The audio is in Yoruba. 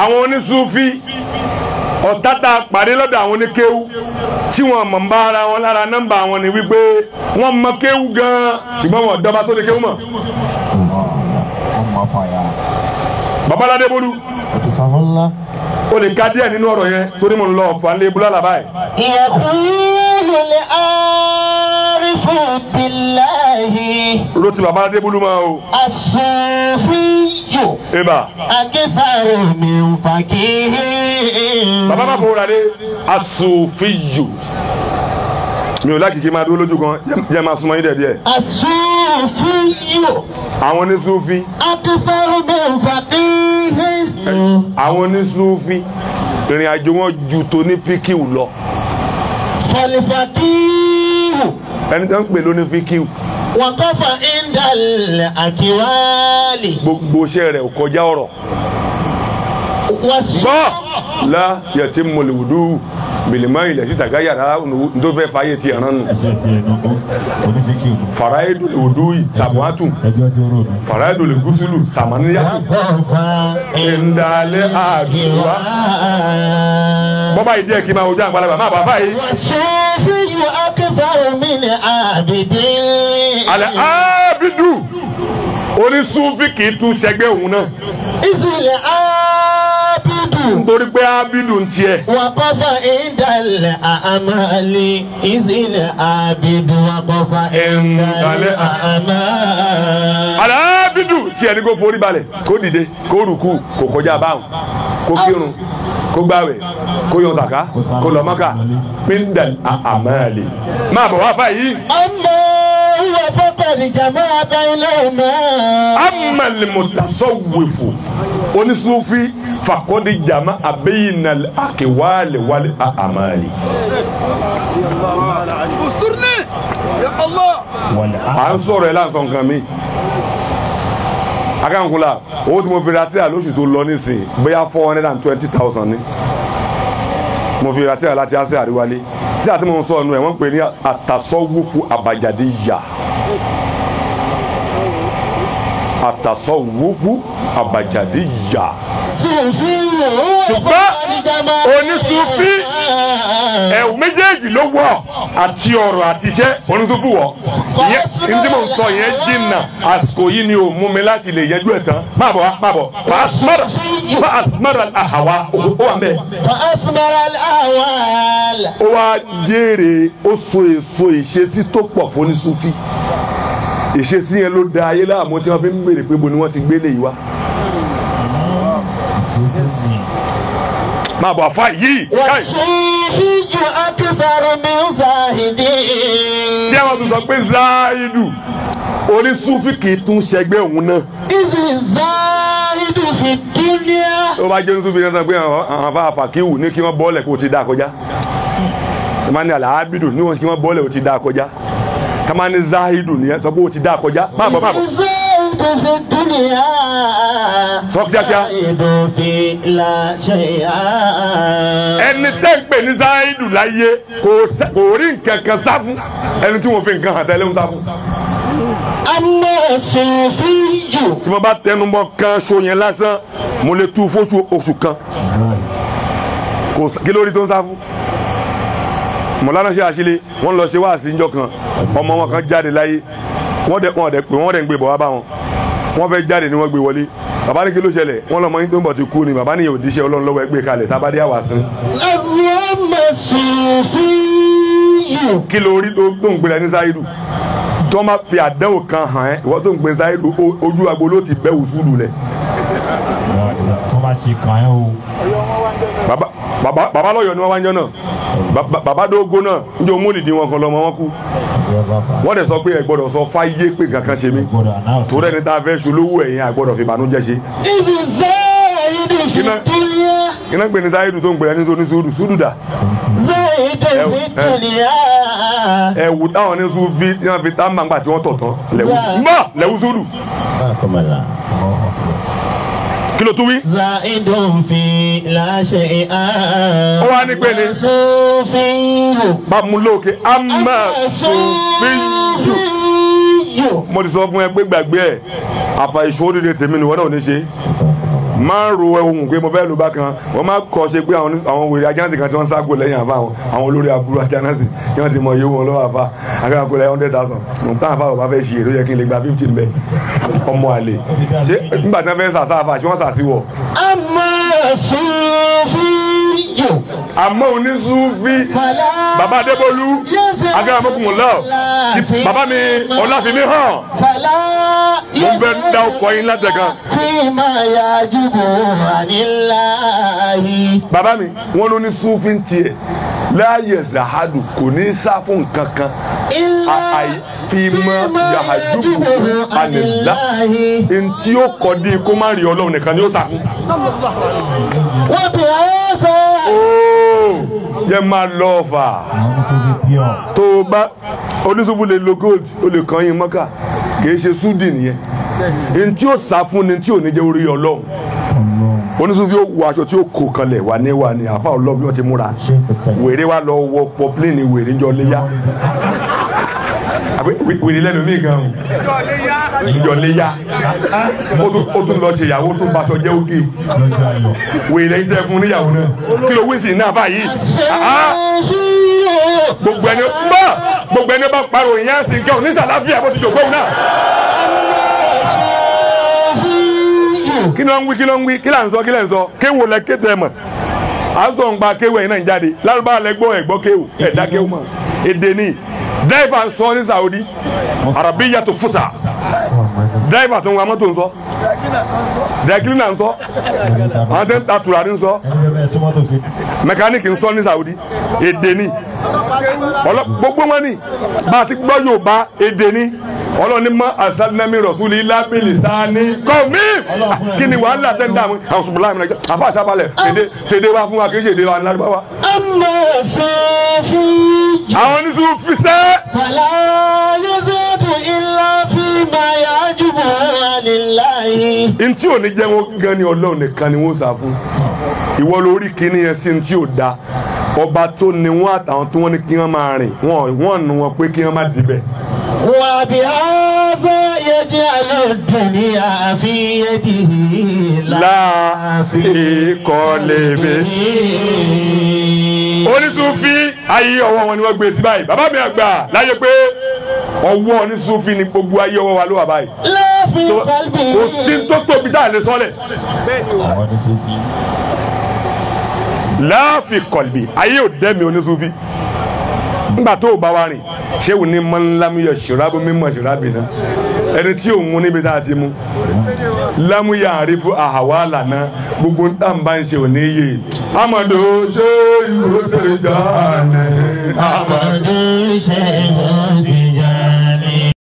àwọn onísúfí ọ̀tá tá a pàdé lọ́dọ̀ àwọn oníkéwú tí wọ́n mọ̀ ń bá ara wọn lára nọ́mbà wọn ni wípé wọ́n mọ kéwú gan-an ṣùgbọ́n wọn dọ́ba tó ní kéwú mọ̀. babalade bolu o lè ka díẹ̀ nínú ọ̀rọ̀ yẹn torí mo ń lọ ọ̀fọ̀ alẹ́ ibùdó àlàbà yẹn. ìyẹ̀kùn lè àárín fún bíláì. olóòtú babalade bolu máa o. àṣùfín jù. akífàrò mi ń fa kiri. bàbá bá fowó lade asòfiyù mi ò lákìkí máa dúró lójú kan jẹ́ máa súnmọ́ yín dẹ̀ díẹ̀. asòfiyù. àwọn onísúfí. akífàrò mi ń fa kiri. àwọn onísúfí ìrìn àjò wọn ju tó ní fíkìw lọ. fọlifàkìw. ẹni tó ń pè ló fíkìw wàkọ́fà indal àkíwálì. gbogbo iṣẹ́ rẹ̀ ò kọjá ọ̀rọ̀. gbọ́ la yàtí mọ̀lẹ́wùdú bìlìmọ́ ilẹ̀ síta gáyà rárá tó fẹ́ fàáyé ti ẹ̀rán nù. fàráyé dòlè òdú sàmùátù fàráyé dòlè gúúsùlù sàmánìyà. wàkọ́fà indal àkíwálì bọ́bá yìí díẹ̀ kí n máa wojú àgbàlagbà máa bá a báyìí. ṣé yóò akẹ́fà omi ni àbìdí. àlẹ́ ábídù onísúnfì kì í tún ṣẹgbẹ́ òun náà. ìsìlẹ̀ ábídù. nítorí pé ábídù ń tiẹ̀. wàkọ́fà ìdálẹ̀ àmàlẹ́ ìsìlẹ̀ ábídù wàkọ́fà ìdálẹ̀ àmàlẹ́. àlẹ́ ábídù tiẹ̀ ni kò forí balẹ̀ kó dìde kó rùkú kó kọjá báwọn kó kírun kó gbàwẹ̀ kó yọ sàká kó lọ Mákà píndà àmàlè máa bọ̀ wá fà yìí. àmọ́ ìwà fọkànlì jàmbá abẹ́lé mọ́. àmàlè mutasawwifu onísúfì fàkọ́dé jàmbá abẹ́yìnà àkèwálè wálé àmàlè. à ń sọ̀rọ̀ ẹ̀ láǹsọ̀ nǹkan mi. Akankola owó tí mo fi ra tíra lóṣù tó lọ nísìn bóyá four hundred and twenty thousand ni mo fi ra tíra láti ase àríwálé tíra tí mo sọ ọ̀nù ẹ̀ wọ́n pè ní àtàsọ́wúfu àbàjáde yà àtàsọ́wúfu àbàjáde yà. ṣùgbọ́n onísùfí ẹ̀wù méjèèjì ló wọ̀ àti ọ̀rọ̀ àti iṣẹ́ onísùfí wọ̀ n tí mò ń sọ yẹn jìnnà àsìkò yìí ni ò mú mi láti lè yẹjú ẹ̀ tán má bọ̀ wá má bọ̀ fa asumara fa asumara ahawa ó wà ń bẹ̀. fa asumara ahawa. ó wá jèrè ó so èso ìṣesí tó pọ̀ fún ní sufi ìṣesí yẹn ló da ayé láàmú tí wọ́n fi ń béèrè pé bo ni wọ́n ti gbélé yìí wá. máa bọ̀ àfa yìí. wà ṣíṣíjú akífarò mi zahidi. tí àwọn tó sọ pé zahidu onísúfì kì í tún ṣẹgbẹ́ òun náà. ìsì zahidu fi dúníà. tó bá jẹ́ onísúfì náà pé àwọn afáfà kí ní kí wọ́n bọ́ọ̀lẹ̀ kó ti dá kọjá kamani alahabidu ni wọn kí wọn bọ́ọ̀lẹ̀ o ti dá kọjá kamani zahidu ni sọ pé o ti dá kọjá má bọ̀ má bọ̀. السعيد في الدنيا سعيد في لا شيء ẹni tẹ́ ń pè ní sáyidù láyé kò rí nǹkan kan sá fún ẹni tí wọ́n fi nǹkan hàn tẹ́lẹ̀ ń sá amọ̀ sọ̀fún jù. tí mo bá tẹnumọ́ kan so yẹn lásán mo lè tu fóṣù oṣù kan kò kí lórí tó ń sá fún ṣe àṣìlẹ̀ wọ́n lọ ṣe wáàsí ńjọ́ kan ọmọ wọn kan jáde láyé wọ́n dẹ̀ pé wọ́n dẹ̀ ń gbé bọ̀ wá bá wọn wọ́n fẹ́ jáde ni wọ́n gbé wọlé bàbá ní kí ló ṣẹlẹ̀ wọ́n lọ́mọ yín tó ń bọ̀ ti kú ni bàbá ní òdíṣẹ́ ọlọ́run lọ́wọ́ ẹgbẹ́ kalẹ̀ tábàdé àwà sí. kí ló rí tó ń gbé ní sáyidù tó máa fi àdánwò kan hàn ẹ́ ìwọ́n tó ń gbé sáyidù ojú agbo ti bẹ́ wùsùlù rẹ̀. tó bá ṣe kàn ẹ́ o. bàbá bàbá lọ́yọ̀ ni wọ́n wá ń jọ náà bàbá dógó náà ń jọ mólìdí wọn kan lọ́mọ wọn kú wọ́n dẹ̀ sọ pé ẹ gbọ́dọ̀ sọ fáyé pé kankan ṣe mí torí ẹni tá a fẹ́ ṣolówó ẹ̀yìn àgbọ̀dọ̀ fi bànújẹ́ ṣe. iná gbẹ̀ni sáyédu tó ń gbẹ̀rẹ̀ ní sọ́ni sùúrù sùúrù dà. ẹ̀wù táwọn ní sùúrù fi ní wọ́n fi tá màgbà tí wọ́n tọ̀ tán lẹ́wù sùúrù kí ló tún wí. zaidun fi láṣẹ àá. ó wá ní gbélé. sófìyù. bàmúlòkè àmà sófìyù. mo ti sọ fún ẹ pé gbàgbé ẹ àfà ìṣòro dídé tèmi nìwọ náà ò ní ṣe máa ń ro ohun pé mo fẹ́ ló bá wọ́n máa kọ́ ṣe pé àwọn wèrè ajánsì kan tí wọ́n ń ságò lẹ́yìn àfa àwọn olórí aburú ajánsì tí wọ́n ti mọ iye owó wọn lọ́wọ́ àfa àgbàkọ́ lẹ́yìn hundred thousand nǹkan àfa ò bá fẹ́ ṣe èrò yẹ kí n lè gba fifteen bẹ́ẹ̀ ọmọ àlè ṣé nígbà tí wọ́n fẹ́ sàṣà àfà ṣé wọ́n sàṣì wọ̀. a máa sùnfì jò. àmọ́ onísùnfì bàbá adébólú agbáramọ́kùnmọ́lá bàbá mi ọláfínmi hàn. fàlà mo fẹ́ dá ọkọ̀ yín látẹ̀kan. tí màá mi wọ́n ló ní sùnfì tiẹ̀ láàyè zahadu kò ní í sá ilé fíìmọ̀ yàhájúbù ànìlá ntí ó kọ́ di kó má rí ọlọ́run nìkan ni ó sàkún. wọ́n bẹ̀ ẹ́ fẹ́. jẹ́ máa lọ ọ̀fà tó o bá oníṣòwò lè lo gold o lè kàn yín mọ́kà kì í ṣe súdì nìyẹn ntí ó sá fún ni ntí ò ní jẹ́ orí ọlọ́run onísùnfí ó aṣọ tí ó kó kanlẹ̀ wà ní wà ní àfa ọlọ́bí wọn ti múra wèrè wa lọ wọ pọ́plẹ́ẹ̀nì wèrè jọ léyà wèrè lẹ́nu mi gan o ìjọléya ó tún lọ ṣe ìyàwó tó baṣọ jẹ́ òkè wèrè lẹ́yìn tẹ́ fún níyàwó náà kí ló wíìsì náà báyìí gbogbo ẹni bá gbogbo ẹni bá parọ́ ìyá sí kẹ́ oníṣàlàfíà bó ti jòkó náà. kí ló ń wí kí ló ń wí kí là ń sọ kí là ń sọ kéwò lẹ kéte ẹ mọ̀ à ń sọ ń gba kéwò ẹ̀ náà ń jáde lárúbáwá lẹ gbọ́ ẹ̀ gbọ́ kéwò ẹ̀ dá kéwò mọ̀ èdè ni dẹ́ẹ̀fà ń Saudi arabiya tó fusa dẹ́ẹ̀fà tó ń wá mọ́tò ń sọ dẹ́ẹ̀kìlì náà ń sọ àwọn tẹ́ ń ta tùràrí ń sọ mẹkáníìkì ń sọ ní Saudi èdè ni gbogbo wọn ni bá a ti gbọ́ Yorùbá èdè ni ọlọ́ni mọ́ asalinami rọ̀túlì lábìlì sáni kọ́mí kí ni wàhálà tẹ́ ń dààmú àwọn sùpùlà mi nàìjíríà àfàṣàbalẹ̀ fèdè fèdè wa fún wa kì í ṣèdè wa ńlá wa máa sọ fún ìjọ. àwọn ní tún fi sẹ́. fàlà yézébù ilá fi máa yá jùmọ̀ àníláyé. ntí ò ní jẹ́ wọn gan ni ọlọ́run nìkan ni wọ́n sá fún ìwọ lórí kínní yẹn sí ntí ò da ọba tó ni wọn àtàwọn tí wọn ní kí wọn máa rìn wọn wọn wọn pé kí wọn má dibẹ. وبهذا يجعل الدنيا في يده لا في قلبه onísùnfí ayé ọwọ́ wọn ni wọ́n gbé sí bàbá mi àgbà láyé pé ọwọ́ onísùnfí ni gbogbo ayé ọwọ́ wa ló wà báyìí kò sí tó tóbi tá lè sọ́lẹ̀ láàfin kọ̀lbì ayé ò dẹ́mi onísùnfí ńgbà tó o bá wa rìn sẹ́wù ní mọ́nlámúyọ ṣùrábù mímọ̀ ṣùrábì náà ẹni tí òun níbi tá a ti mú lámúyà àrífù àhàwá lànà gbogbo tá n bá ń ṣe òní yé. amadu ṣe yóò tẹ̀lé jọ àná amadu ṣe yóò tẹ̀lé.